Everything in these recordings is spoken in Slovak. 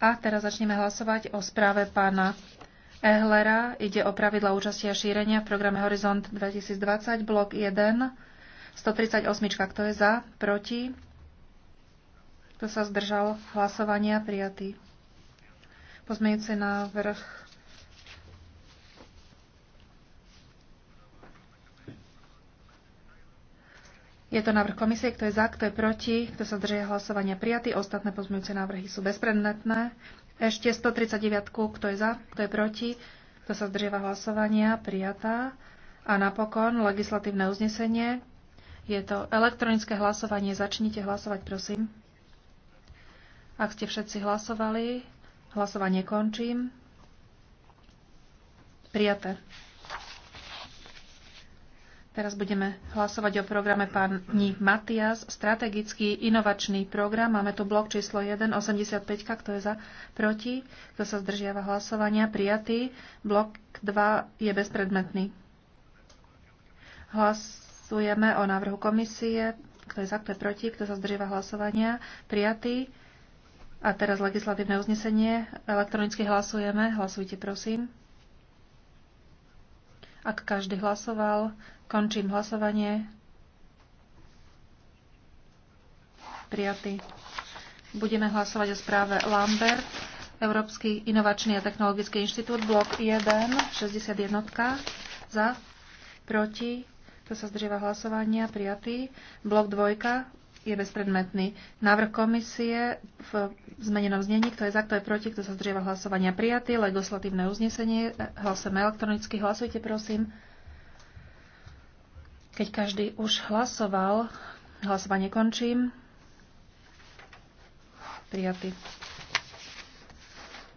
A teraz začneme hlasovať o správe pána Ehlera. Ide o pravidla účasti a šírenia v programe Horizont 2020, blok 1, 138. Kto je za? Proti? Kto sa zdržal hlasovania? Prijatý. na vrch Je to návrh komisie, kto je za, kto je proti, kto sa drží hlasovania prijatý. Ostatné pozmeňujúce návrhy sú bezpredmetné. Ešte 139, kto je za, kto je proti, kto sa zdržiava hlasovania prijatá. A napokon legislatívne uznesenie. Je to elektronické hlasovanie. Začnite hlasovať, prosím. Ak ste všetci hlasovali, hlasovanie končím. Prijaté. Teraz budeme hlasovať o programe pani Matias, strategický inovačný program. Máme tu blok číslo 1, 85, kto je za, proti, kto sa zdržiava hlasovania, prijatý. Blok 2 je bezpredmetný. Hlasujeme o návrhu komisie, kto je za, kto je proti, kto sa zdržiava hlasovania, prijatý. A teraz legislatívne uznesenie. Elektronicky hlasujeme. Hlasujte, prosím. Ak každý hlasoval, Končím hlasovanie. Prijatý. Budeme hlasovať o správe Lambert, Európsky inovačný a technologický inštitút, blok 1, 61, za, proti, to sa zdržiava hlasovania, prijatý. Blok 2 je bezpredmetný. Návrh komisie v zmenenom znení, kto je za, kto je proti, kto sa zdržiava hlasovania, prijatý. Legislatívne uznesenie, hlasujeme elektronicky, hlasujte prosím. Keď každý už hlasoval, hlasovanie končím. Prijatý.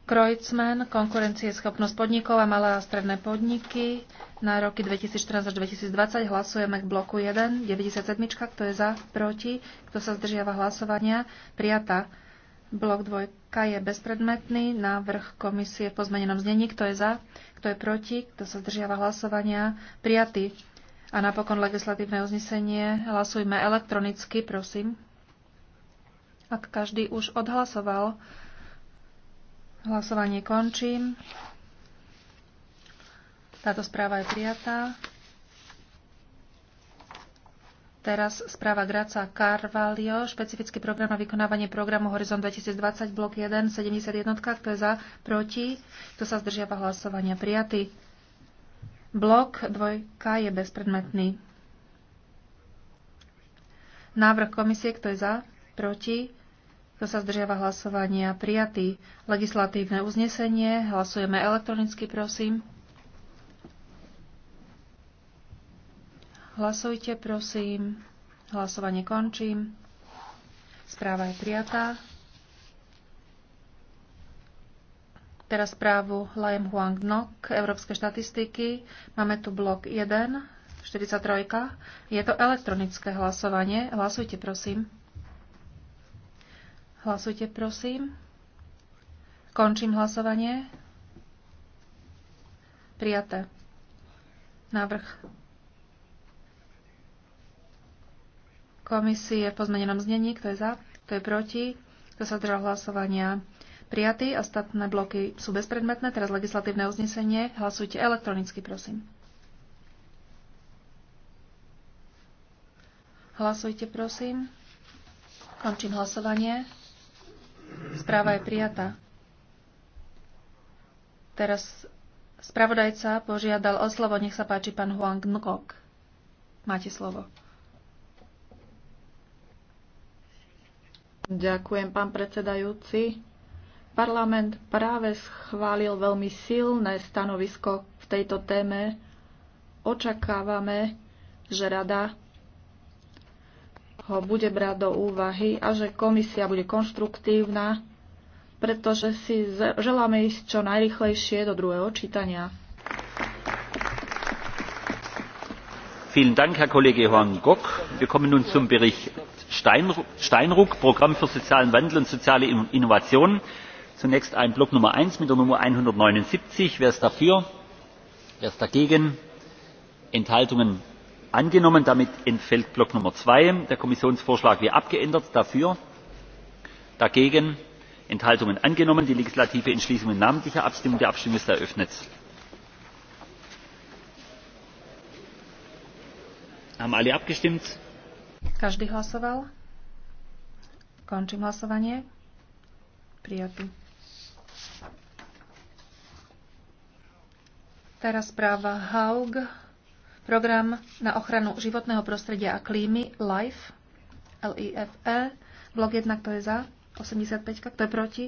Krojcmen, Konkurencie schopnosť podnikov a malé a stredné podniky na roky 2014 až 2020. Hlasujeme k bloku 1, 97. Kto je za, proti, kto sa zdržiava hlasovania, prijatá. Blok 2 je bezpredmetný. Návrh komisie v pozmenenom znení. Kto je za, kto je proti, kto sa zdržiava hlasovania, prijatý. A napokon legislatívne uznesenie. Hlasujme elektronicky, prosím. Ak každý už odhlasoval, hlasovanie končím. Táto správa je prijatá. Teraz správa Graca Carvalho, špecifický program na vykonávanie programu Horizon 2020, blok 1, 71, kto je za, proti, kto sa zdržiava hlasovania, prijatý. Blok 2 je bezpredmetný. Návrh komisie, kto je za, proti, kto sa zdržiava hlasovania, prijatý. Legislatívne uznesenie, hlasujeme elektronicky, prosím. Hlasujte, prosím. Hlasovanie končím. Správa je prijatá. Teraz správu Lajem Huang Nok, Európske štatistiky. Máme tu blok 1, 43. Je to elektronické hlasovanie. Hlasujte, prosím. Hlasujte, prosím. Končím hlasovanie. Prijaté. Návrh komisie v pozmenenom znení. Kto je za? Kto je proti? Kto sa zdržal hlasovania? prijatý, ostatné bloky sú bezpredmetné, teraz legislatívne uznesenie. Hlasujte elektronicky, prosím. Hlasujte, prosím. Končím hlasovanie. Správa je prijatá. Teraz spravodajca požiadal o slovo. Nech sa páči, pán Huang Nkok. Máte slovo. Ďakujem, pán predsedajúci. Parlament práve schválil veľmi silné stanovisko v tejto téme. Očakávame, že Rada ho bude brať do úvahy a že komisia bude konštruktívna, pretože si želáme ísť čo najrychlejšie do druhého čítania. Vielen Dank, Herr Kollege Horn Gock. Wir kommen nun zum Bericht Steinruck, Programm für sozialen Wandel und soziale Innovationen zunächst ein block nummer eins mit der nummer einhundertneunundsiebzig wer ist dafür wer ist dagegen enthaltungen angenommen. damit entfällt block nummer zwei der kommissionsvorschlag wie abgeändert dafür dagegen enthaltungen angenommen. die legislative entschließung in namentlicher abstimmung die abstimmung ist eröffnet. haben alle abgestimmt? Každý hlasoval? Končím hlasovanie. Prijatý. stará správa HAUG, program na ochranu životného prostredia a klímy LIFE, L-I-F-E, blok 1, kto je za, 85, kto je proti,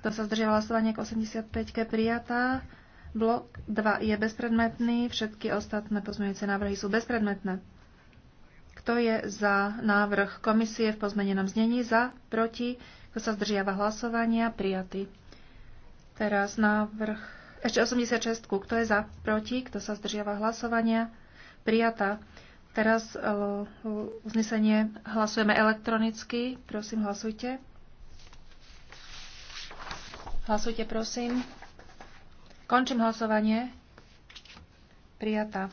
kto sa zdržia hlasovanie k 85, je prijatá, blok 2 je bezpredmetný, všetky ostatné pozmeňujúce návrhy sú bezpredmetné. Kto je za návrh komisie v pozmenenom znení? Za, proti, kto sa zdržiava hlasovania? Prijatý. Teraz návrh ešte 86. Kto je za? Proti? Kto sa zdržiava hlasovania? Prijatá. Teraz e, uznesenie hlasujeme elektronicky. Prosím, hlasujte. Hlasujte, prosím. Končím hlasovanie. Prijatá.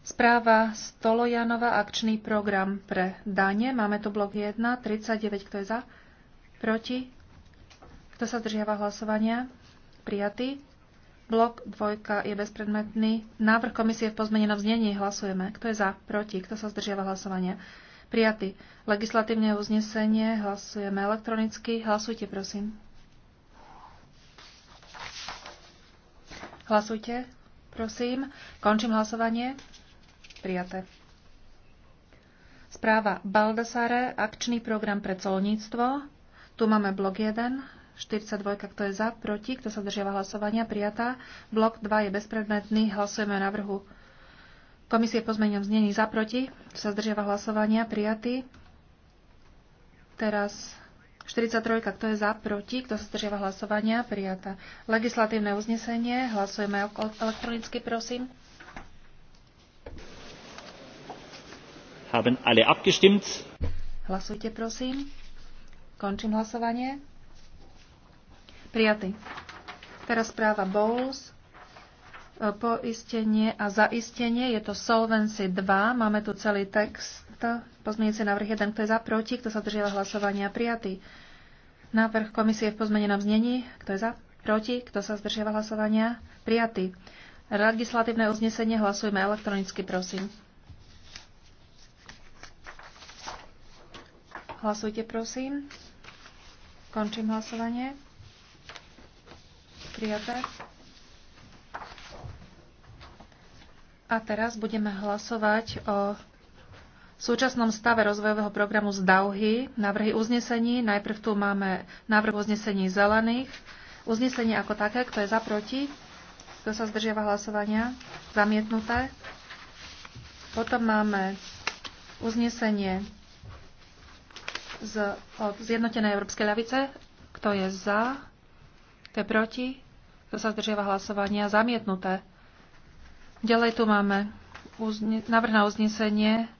Správa Stolojanova, akčný program pre dane. Máme tu blok 1, 39, kto je za? Proti? Kto sa zdržiava hlasovania? prijatý. Blok 2 je bezpredmetný. Návrh komisie v pozmenenom znení hlasujeme. Kto je za? Proti? Kto sa zdržiava hlasovania? Prijatý. Legislatívne uznesenie hlasujeme elektronicky. Hlasujte, prosím. Hlasujte, prosím. Končím hlasovanie. Prijaté. Správa Baldasare, akčný program pre colníctvo. Tu máme blok 1, 42, kto je za, proti, kto sa držiava hlasovania, prijatá. Blok 2 je bezpredmetný, hlasujeme o návrhu komisie po zmenom znení za, proti, kto sa zdržiava hlasovania, prijatý. Teraz 43, kto je za, proti, kto sa zdržiava hlasovania, prijatá. Legislatívne uznesenie, hlasujeme elektronicky, prosím. Haben alle abgestimmt? Hlasujte, prosím. Končím hlasovanie. Prijatý. Teraz správa Bowles. E, poistenie a zaistenie. Je to Solvency 2. Máme tu celý text. Pozmienujúci návrh 1. Kto je za proti? Kto sa držíva hlasovania? Prijatý. Návrh komisie v pozmenenom znení. Kto je za? Proti? Kto sa zdržiava hlasovania? Prijatý. Legislatívne uznesenie hlasujme elektronicky, prosím. Hlasujte, prosím. Končím hlasovanie. Prijaté. A teraz budeme hlasovať o súčasnom stave rozvojového programu z Dauhy, návrhy uznesení. Najprv tu máme návrh uznesení zelených. Uznesenie ako také, kto je za proti, kto sa zdržiava hlasovania, zamietnuté. Potom máme uznesenie z, od Zjednotenej Európskej ľavice, kto je za, kto je proti, kto sa zdržiava hlasovania? Zamietnuté. Ďalej tu máme návrh na uznesenie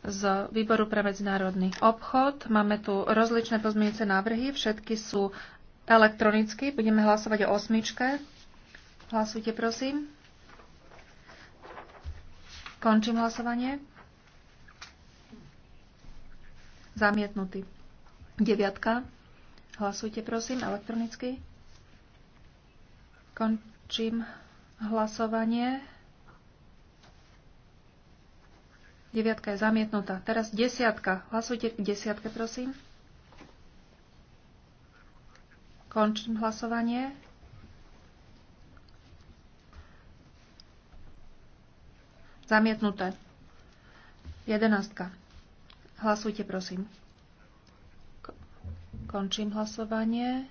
z Výboru pre medzinárodný obchod. Máme tu rozličné pozmeňujúce návrhy. Všetky sú elektronicky. Budeme hlasovať o osmičke. Hlasujte, prosím. Končím hlasovanie. Zamietnutý. Deviatka. Hlasujte, prosím, elektronicky. Končím hlasovanie. Deviatka je zamietnutá. Teraz desiatka. Hlasujte k desiatke, prosím. Končím hlasovanie. Zamietnuté. Jedenáctka. Hlasujte, prosím. Končím hlasovanie.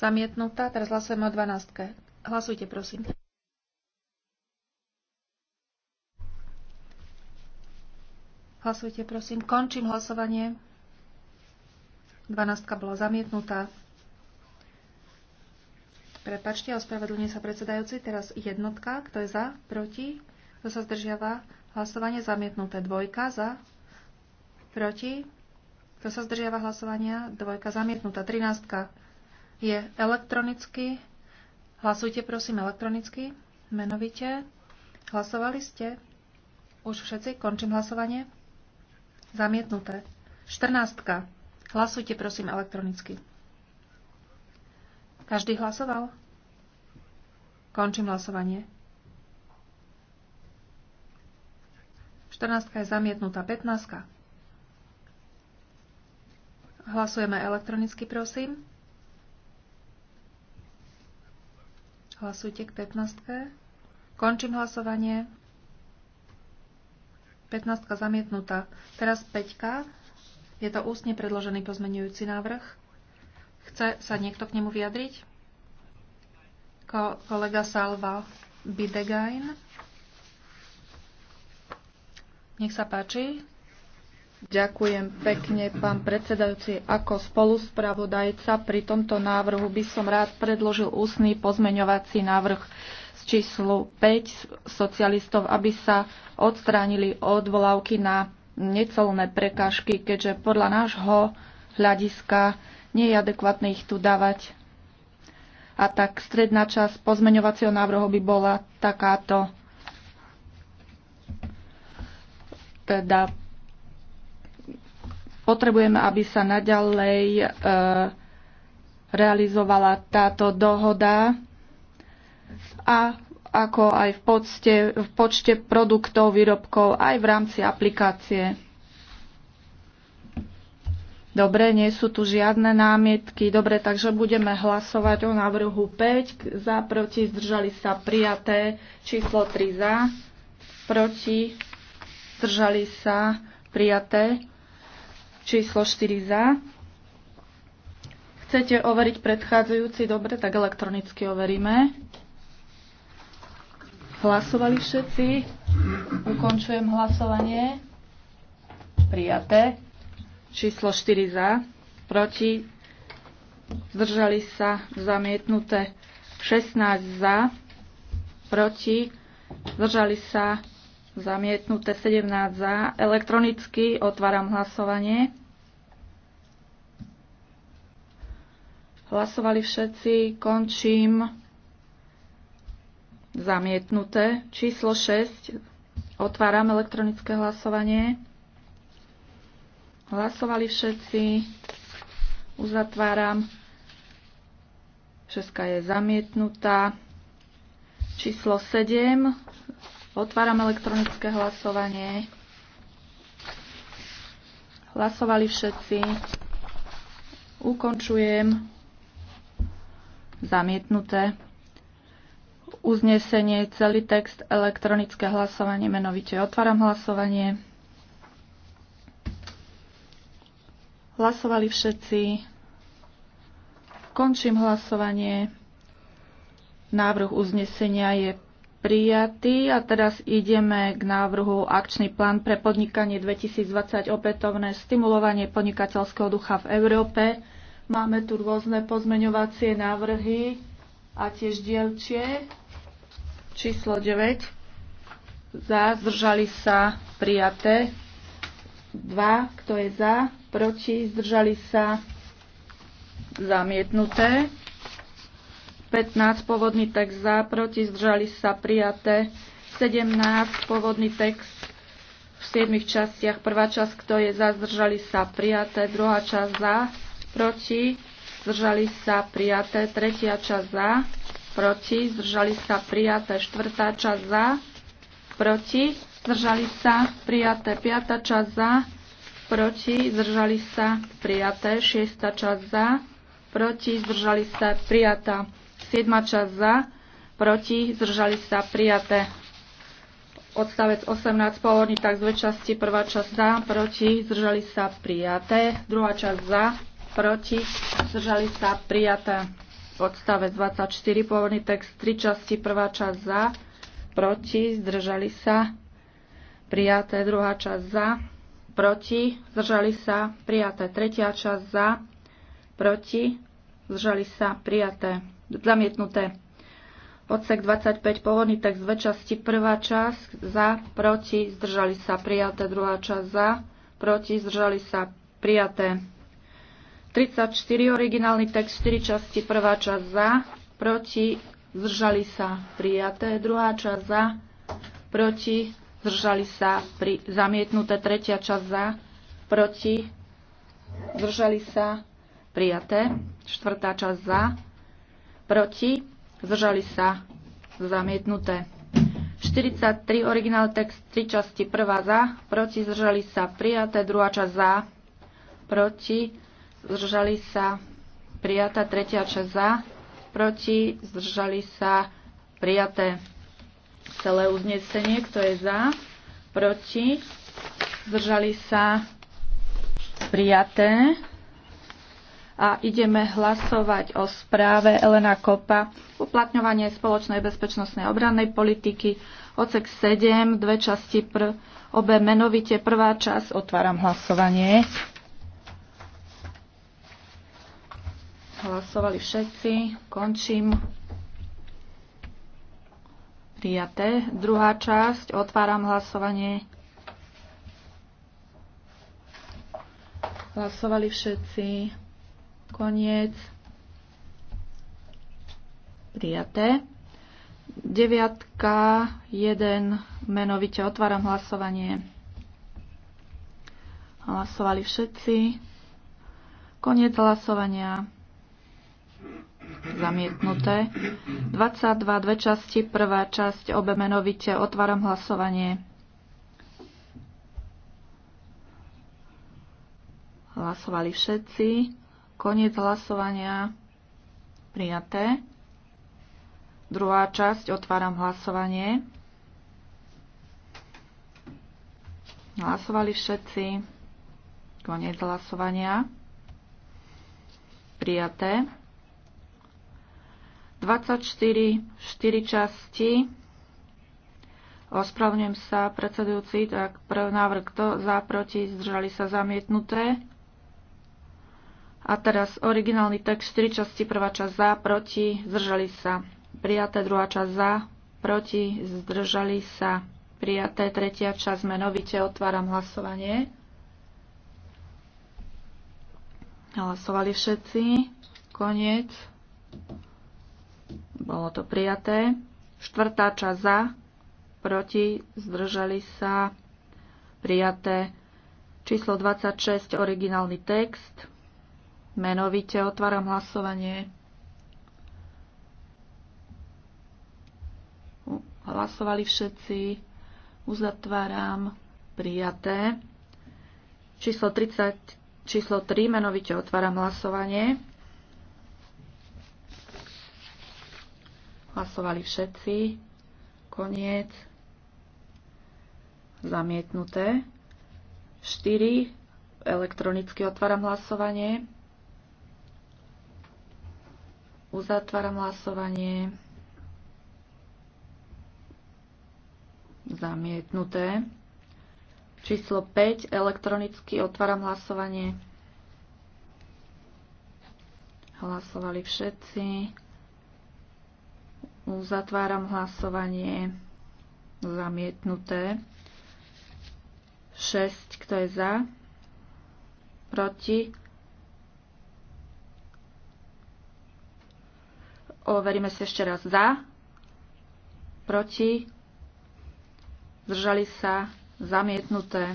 Zamietnutá. Teraz hlasujeme o 12. Hlasujte, prosím. Hlasujte, prosím. Končím hlasovanie. 12 bola zamietnutá. Prepačte, ospravedlňuje sa predsedajúci. Teraz jednotka. Kto je za? Proti? Kto sa zdržiava? Hlasovanie zamietnuté. Dvojka za? Proti? Kto sa zdržiava hlasovania? Dvojka zamietnutá. 13 je elektronicky. Hlasujte prosím elektronicky, menovite. Hlasovali ste? Už všetci? Končím hlasovanie. Zamietnuté. 14. Hlasujte prosím elektronicky. Každý hlasoval? Končím hlasovanie. 14 je zamietnutá. 15. Hlasujeme elektronicky, prosím. Hlasujte k 15. Končím hlasovanie. 15 zamietnutá. Teraz 5. Je to ústne predložený pozmenujúci návrh. Chce sa niekto k nemu vyjadriť? Ko- kolega Salva Bidegain. Nech sa páči. Ďakujem pekne, pán predsedajúci. Ako spoluspravodajca pri tomto návrhu by som rád predložil ústny pozmeňovací návrh z číslu 5 socialistov, aby sa odstránili odvolávky na necelné prekážky, keďže podľa nášho hľadiska nie je adekvátne ich tu dávať. A tak stredná časť pozmeňovacieho návrhu by bola takáto. Teda Potrebujeme, aby sa naďalej e, realizovala táto dohoda a ako aj v, podste, v počte produktov, výrobkov, aj v rámci aplikácie. Dobre, nie sú tu žiadne námietky. Dobre, takže budeme hlasovať o návrhu 5. Za, proti, zdržali sa prijaté. Číslo 3 za, proti, zdržali sa prijaté. Číslo 4 za. Chcete overiť predchádzajúci? Dobre, tak elektronicky overíme. Hlasovali všetci. Ukončujem hlasovanie. Prijaté. Číslo 4 za. Proti. Zdržali sa zamietnuté 16 za. Proti. Zdržali sa Zamietnuté 17 za. Elektronicky otváram hlasovanie. Hlasovali všetci. Končím. Zamietnuté. Číslo 6. Otváram elektronické hlasovanie. Hlasovali všetci. Uzatváram. Šeska je zamietnutá. Číslo 7. Otváram elektronické hlasovanie. Hlasovali všetci. Ukončujem. Zamietnuté. Uznesenie, celý text, elektronické hlasovanie, menovite otváram hlasovanie. Hlasovali všetci. Končím hlasovanie. Návrh uznesenia je prijatý a teraz ideme k návrhu Akčný plán pre podnikanie 2020 opätovné stimulovanie podnikateľského ducha v Európe. Máme tu rôzne pozmeňovacie návrhy a tiež dielčie. Číslo 9. Za, zdržali sa, prijaté. 2. Kto je za, proti, zdržali sa, zamietnuté. 15 pôvodný text za, proti zdržali sa prijaté. 17 pôvodný text v 7 častiach. Prvá časť, kto je za, zdržali sa prijaté. Druhá časť za, proti zdržali sa prijaté. Tretia časť za, proti zdržali sa prijaté. Štvrtá časť za, proti zdržali sa prijaté. Piatá časť za, proti zdržali sa prijaté. Šiesta časť za, proti zdržali sa prijatá. Siedma časť za, proti, zdržali sa prijaté. Odstavec 18, pôvodný tak dve časti, prvá časť za, proti, zdržali sa prijaté, druhá časť za, proti, zdržali sa prijaté. Odstavec 24, pôvodný text, tri časti, prvá časť za, proti, zdržali sa prijaté, druhá časť za, proti, zdržali sa prijaté, tretia časť za, proti, zdržali sa prijaté zamietnuté. Odsek 25 pôvodný text dve časti. Prvá časť za, proti, zdržali sa prijaté. Druhá časť za, proti, zdržali sa prijaté. 34 originálny text, 4 časti. Prvá časť za, proti, zdržali sa prijaté. Druhá časť za, proti, zdržali sa pri zamietnuté. Tretia časť za, proti, zdržali sa prijaté. Štvrtá časť za, proti, zdržali sa, zamietnuté. 43, originál text, 3 časti, prvá za, proti, zdržali sa, prijaté, druhá časť za, proti, zdržali sa, prijaté, tretia časť za, proti, zdržali sa, prijaté. Celé uznesenie, kto je za, proti, zdržali sa, prijaté a ideme hlasovať o správe Elena Kopa uplatňovanie spoločnej bezpečnostnej obrannej politiky ocek 7, dve časti pr, obe menovite. Prvá časť, otváram hlasovanie. Hlasovali všetci, končím. Prijaté. Druhá časť, otváram hlasovanie. Hlasovali všetci. Koniec. Prijaté. Deviatka, jeden, menovite otváram hlasovanie. Hlasovali všetci. Koniec hlasovania. Zamietnuté. 22, dve časti, prvá časť, obe menovite, otváram hlasovanie. Hlasovali všetci. Koniec hlasovania. Prijaté. Druhá časť. Otváram hlasovanie. Hlasovali všetci. Koniec hlasovania. Prijaté. 24, 4 časti. Ospravňujem sa, predsedujúci, tak prv návrh kto za, proti, zdržali sa zamietnuté. A teraz originálny text 4 časti, prvá časť za, proti, zdržali sa. Prijaté druhá časť za, proti, zdržali sa. Prijaté tretia časť menovite, otváram hlasovanie. Hlasovali všetci. Koniec. Bolo to prijaté. Štvrtá časť za, proti, zdržali sa. Prijaté. Číslo 26, originálny text. Menovite otváram hlasovanie. Hlasovali všetci. Uzatváram. Prijaté. Číslo 30, číslo 3, menovite otváram hlasovanie. Hlasovali všetci. Koniec. Zamietnuté. 4. Elektronicky otváram hlasovanie. Uzatváram hlasovanie. Zamietnuté. Číslo 5. Elektronicky otváram hlasovanie. Hlasovali všetci. Uzatváram hlasovanie. Zamietnuté. 6. Kto je za? Proti? Overíme si ešte raz za, proti, zdržali sa, zamietnuté.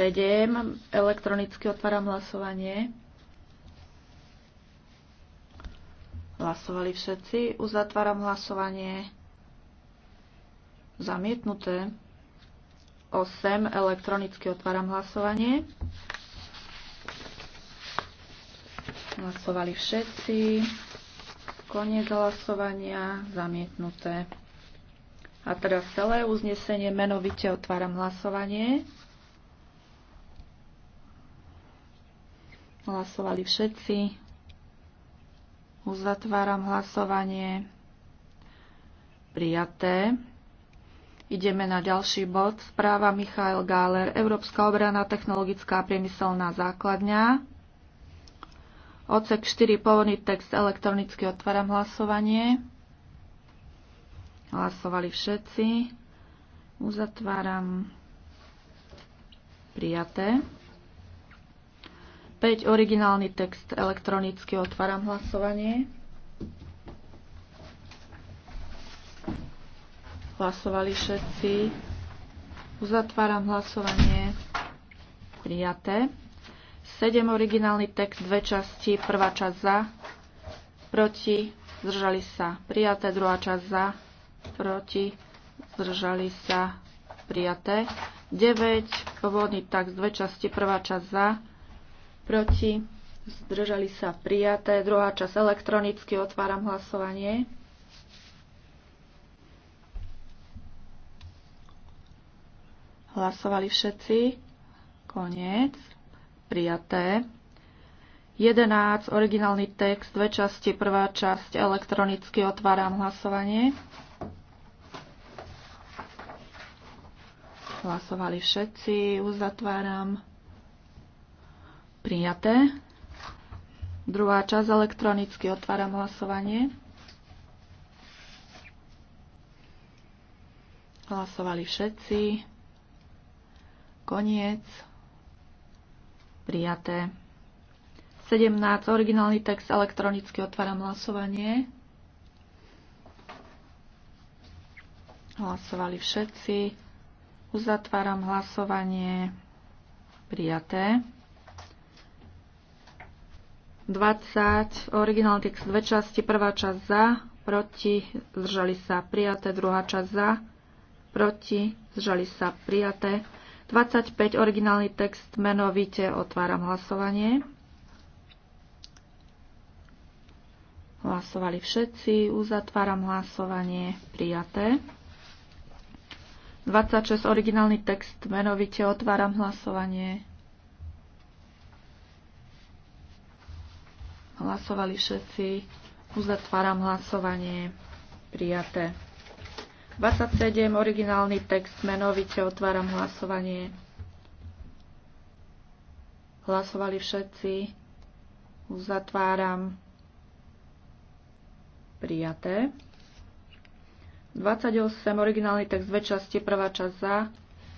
7. Elektronicky otváram hlasovanie. Hlasovali všetci. Uzatváram hlasovanie. Zamietnuté. 8. Elektronicky otváram hlasovanie. Hlasovali všetci. Koniec hlasovania. Zamietnuté. A teraz celé uznesenie menovite otváram hlasovanie. Hlasovali všetci. Uzatváram hlasovanie. Prijaté. Ideme na ďalší bod. Správa Michael Gáler, Európska obrana, technologická priemyselná základňa. Odsek 4, pôvodný text elektronicky otváram hlasovanie. Hlasovali všetci. Uzatváram prijaté. 5. Originálny text elektronicky otváram hlasovanie. Hlasovali všetci. Uzatváram hlasovanie. Prijaté. 7 originálny text, dve časti, prvá časť za, proti, zdržali sa prijaté, druhá časť za, proti, zdržali sa prijaté. 9 pôvodný text, dve časti, prvá časť za, proti, zdržali sa prijaté, druhá časť elektronicky, otváram hlasovanie. Hlasovali všetci. Koniec prijaté. 11, originálny text, dve časti, prvá časť, elektronicky otváram hlasovanie. Hlasovali všetci, uzatváram. Prijaté. Druhá časť, elektronicky otváram hlasovanie. Hlasovali všetci. Koniec. Prijaté. 17. Originálny text elektronicky otváram hlasovanie. Hlasovali všetci. Uzatváram hlasovanie. Prijaté. 20. Originálny text dve časti. Prvá časť za, proti, zdržali sa prijaté. Druhá časť za, proti, zdržali sa prijaté. 25, originálny text, menovite otváram hlasovanie. Hlasovali všetci, uzatváram hlasovanie, prijaté. 26, originálny text, menovite otváram hlasovanie. Hlasovali všetci, uzatváram hlasovanie, prijaté. 27, originálny text, menovite otváram hlasovanie. Hlasovali všetci. Uzatváram. Prijaté. 28, originálny text, dve časti, prvá časť za,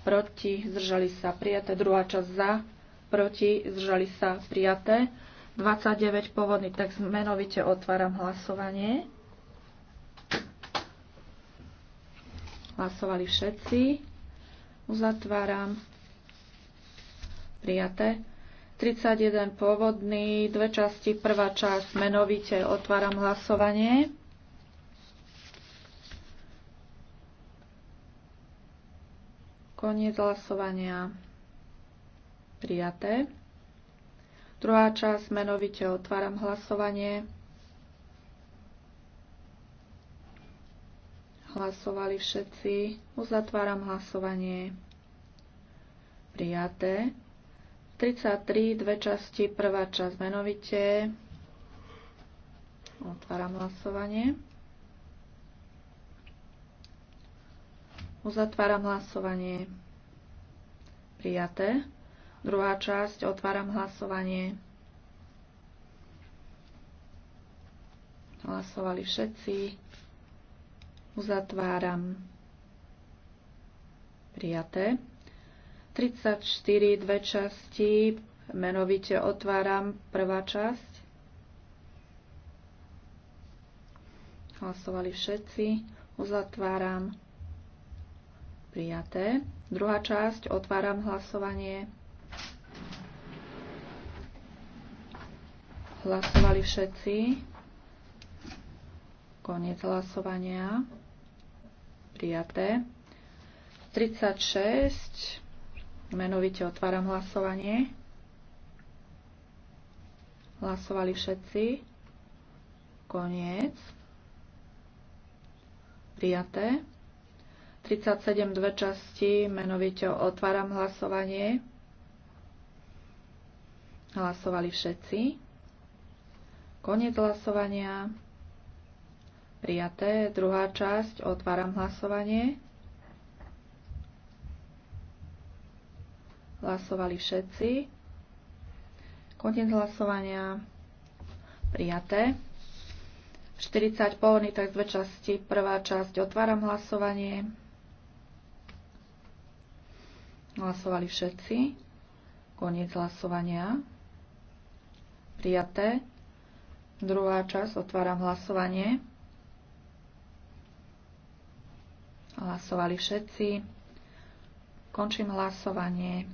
proti, zdržali sa, prijaté, druhá časť za, proti, zdržali sa, prijaté. 29, pôvodný text, menovite otváram hlasovanie. Hlasovali všetci. Uzatváram. Prijaté. 31 pôvodný, dve časti, prvá časť menovite. Otváram hlasovanie. Koniec hlasovania. Prijaté. Druhá časť menovite. Otváram hlasovanie. Hlasovali všetci. Uzatváram hlasovanie. Prijaté. 33, dve časti, prvá časť menovite. Otváram hlasovanie. Uzatváram hlasovanie. Prijaté. Druhá časť, otváram hlasovanie. Hlasovali všetci. Uzatváram. Prijaté. 34, dve časti, menovite otváram prvá časť. Hlasovali všetci. Uzatváram. Prijaté. Druhá časť. Otváram hlasovanie. Hlasovali všetci. Koniec hlasovania prijaté. 36. Menovite otváram hlasovanie. Hlasovali všetci. Koniec. Prijaté. 37 dve časti, menovite otváram hlasovanie. Hlasovali všetci. Koniec hlasovania. Prijaté. Druhá časť. Otváram hlasovanie. Hlasovali všetci. Koniec hlasovania. Prijaté. 40 pôvodných, tak dve časti. Prvá časť. Otváram hlasovanie. Hlasovali všetci. Koniec hlasovania. Prijaté. Druhá časť. Otváram hlasovanie. Hlasovali všetci. Končím hlasovanie.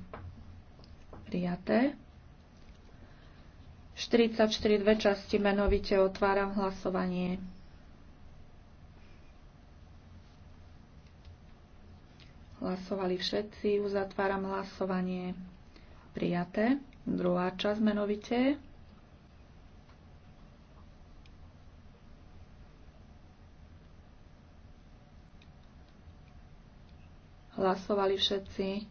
Prijaté. 44 dve časti menovite otváram hlasovanie. Hlasovali všetci, uzatváram hlasovanie. Prijaté. Druhá časť menovite. Hlasovali všetci.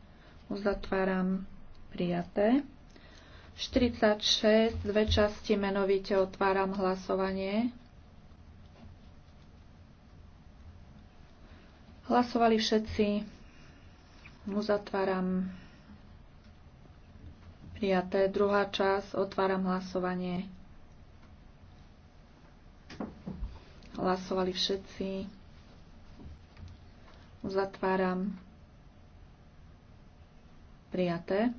Uzatváram prijaté. 46, dve časti menovite otváram hlasovanie. Hlasovali všetci. Uzatváram prijaté. Druhá časť. Otváram hlasovanie. Hlasovali všetci. Uzatváram Prijaté.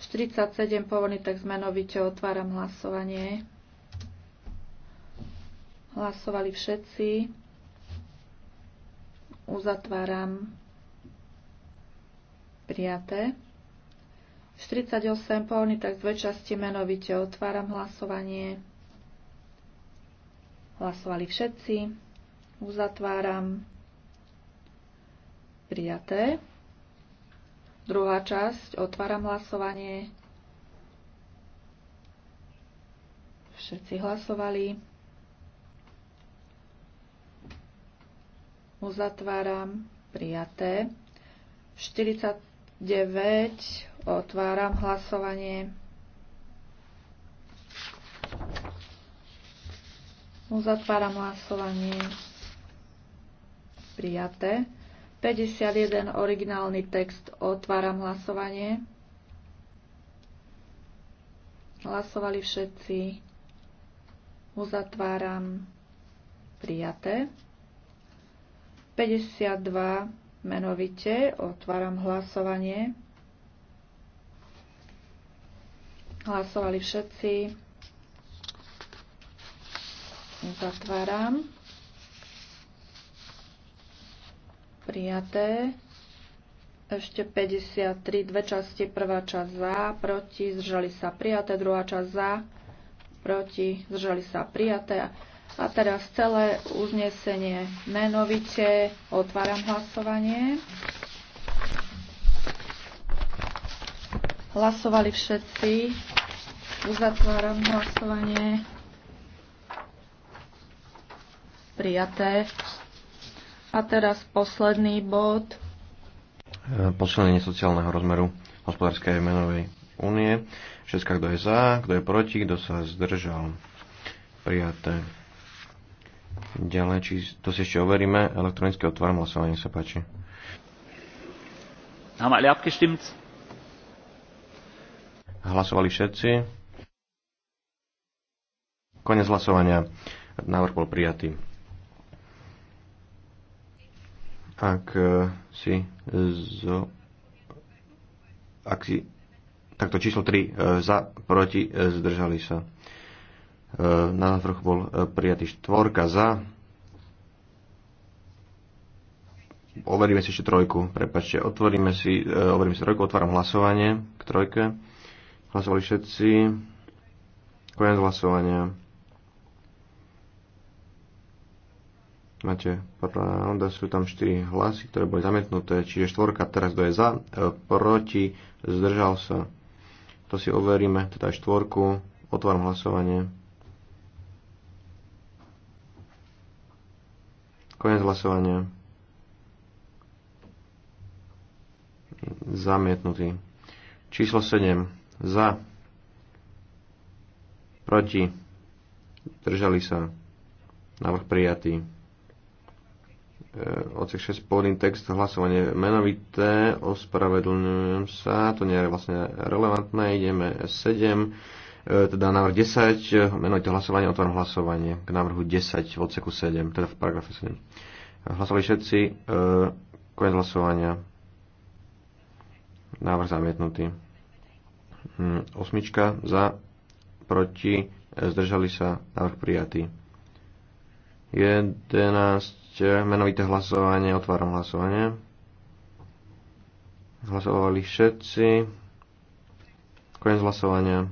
47 pôvodný text menovite otváram hlasovanie. Hlasovali všetci. Uzatváram. Prijaté. 48 pôvodný text dve časti menovite otváram hlasovanie. Hlasovali všetci. Uzatváram. Prijaté. Druhá časť. Otváram hlasovanie. Všetci hlasovali. Uzatváram. Prijaté. 49. Otváram hlasovanie. Uzatváram hlasovanie. Prijaté. 51 originálny text. Otváram hlasovanie. Hlasovali všetci. Uzatváram prijaté. 52 menovite. Otváram hlasovanie. Hlasovali všetci. Zatváram. prijaté. Ešte 53, dve časti, prvá časť za, proti, zdržali sa prijaté, druhá časť za, proti, zdržali sa prijaté. A teraz celé uznesenie menovite. Otváram hlasovanie. Hlasovali všetci. Uzatváram hlasovanie. Prijaté. A teraz posledný bod. Posilnenie sociálneho rozmeru hospodárskej menovej únie. Všetka, kto je za, kto je proti, kto sa zdržal. Prijaté. Ďalej, či to si ešte overíme. Elektronicky otváram hlasovanie, sa páči. Haben alle abgestimmt? Hlasovali všetci. Konec hlasovania. Návrh bol prijatý. ak e, si zo, ak si takto číslo 3 e, za, proti, e, zdržali sa. Na Návrh bol prijatý štvorka za. Overíme si ešte trojku, prepačte, otvoríme si, overíme si trojku, otváram hlasovanie k trojke. Hlasovali všetci. Koniec hlasovania. Máte, pravda, sú tam 4 hlasy, ktoré boli zamietnuté, čiže štvorka teraz kto je za, e, proti, zdržal sa. To si overíme, teda štvorku, otváram hlasovanie. Konec hlasovania. Zamietnutý. Číslo 7. Za. Proti. Držali sa. Návrh prijatý. E, odsek 6, pôvodný text, hlasovanie menovité, ospravedlňujem sa, to nie je vlastne relevantné, ideme 7, e, teda návrh 10, menovité hlasovanie, otváram hlasovanie k návrhu 10 v odseku 7, teda v paragrafe 7. Hlasovali všetci, e, koniec hlasovania, návrh zamietnutý. Hm, osmička za, proti, zdržali sa, návrh prijatý. 11 menovité hlasovanie, otváram hlasovanie. Hlasovali všetci. Koniec hlasovania.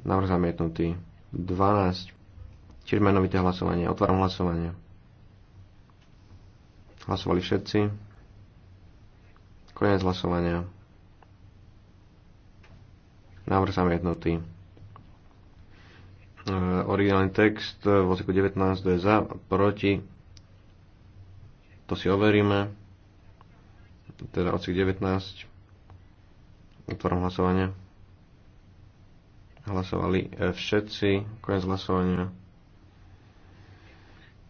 Návrh zamietnutý. 12. Čiže menovité hlasovanie. Otváram hlasovanie. Hlasovali všetci. Koniec hlasovania. Návrh zamietnutý. Eh, originálny text eh, v odseku 19, je za, proti, to si overíme, teda odsek 19, otvorom hlasovanie, hlasovali eh, všetci, koniec hlasovania,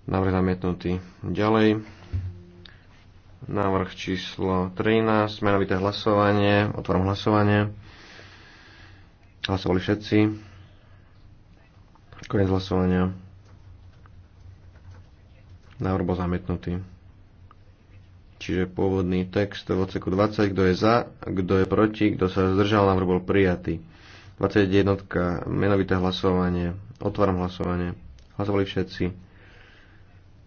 návrh zamietnutý, ďalej, návrh číslo 13, menovité hlasovanie, otvorom hlasovanie, hlasovali všetci, Koniec hlasovania. Návrh bol zamietnutý. Čiže pôvodný text v odseku 20, kto je za, kto je proti, kto sa zdržal, návrh bol prijatý. 21. Menovité hlasovanie. Otváram hlasovanie. Hlasovali všetci.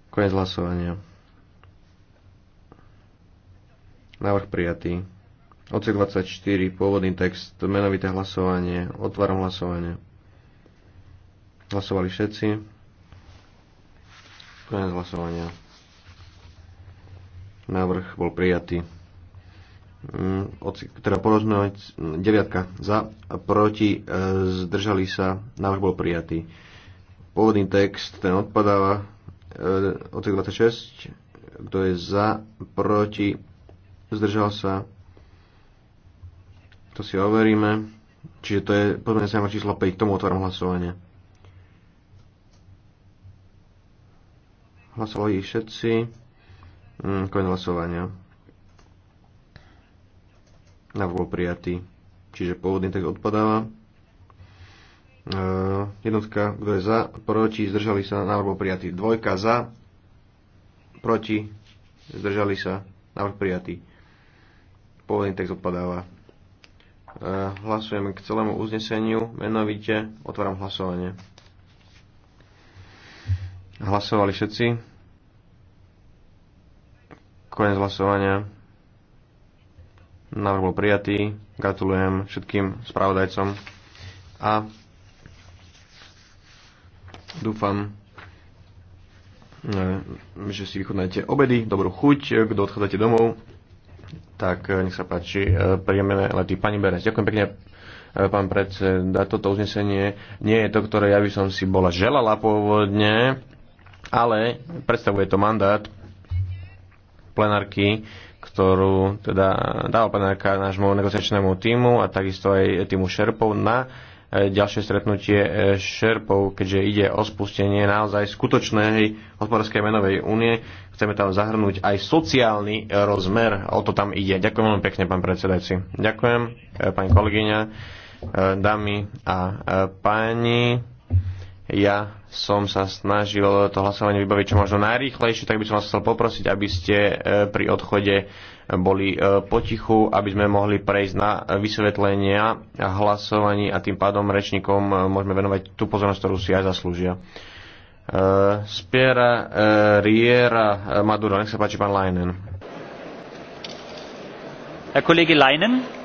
Koniec hlasovania. Návrh prijatý. Odsek 24, pôvodný text, menovité hlasovanie. Otváram hlasovanie. Hlasovali všetci. Konec hlasovania. Návrh bol prijatý. Mm, teda porozumieť, mm, deviatka za, proti, e, zdržali sa, návrh bol prijatý. Pôvodný text, ten odpadáva, e, odsek 26, kto je za, proti, zdržal sa, to si overíme. Čiže to je podľa mňa číslo 5, k tomu otváram hlasovanie. Hlasovali všetci. Mm, koniec hlasovania. Návrh bol prijatý. Čiže pôvodný tak odpadáva. E, jednotka, kto je za, proti, zdržali sa, návrh bol prijatý. Dvojka za, proti, zdržali sa, návrh prijatý. Pôvodný text odpadáva. E, hlasujeme k celému uzneseniu, menovite otváram hlasovanie. Hlasovali všetci? Konec hlasovania. Návrh bol prijatý. Gratulujem všetkým spravodajcom a dúfam, e, že si vychutnáte obedy, dobrú chuť, kto odchádzate domov, tak e, nech sa páči, e, príjemné lety. Pani Berec, ďakujem pekne, pán predseda, toto uznesenie nie je to, ktoré ja by som si bola želala pôvodne, ale predstavuje to mandát plenárky, ktorú teda dal plenárka nášmu negociačnému týmu a takisto aj týmu šerpov na e, ďalšie stretnutie e, šerpov, keďže ide o spustenie naozaj skutočnej hospodárskej menovej únie. Chceme tam zahrnúť aj sociálny rozmer, o to tam ide. Ďakujem veľmi pekne, pán predsedajúci. Ďakujem, e, pani kolegyňa, dámy a páni. Ja som sa snažil to hlasovanie vybaviť čo možno najrýchlejšie, tak by som vás chcel poprosiť, aby ste e, pri odchode boli e, potichu, aby sme mohli prejsť na vysvetlenia a hlasovaní a tým pádom rečníkom e, môžeme venovať tú pozornosť, ktorú si aj zaslúžia. Spiera Riera Maduro, nech sa páči pán Leinen. Herr Kollege Leinen,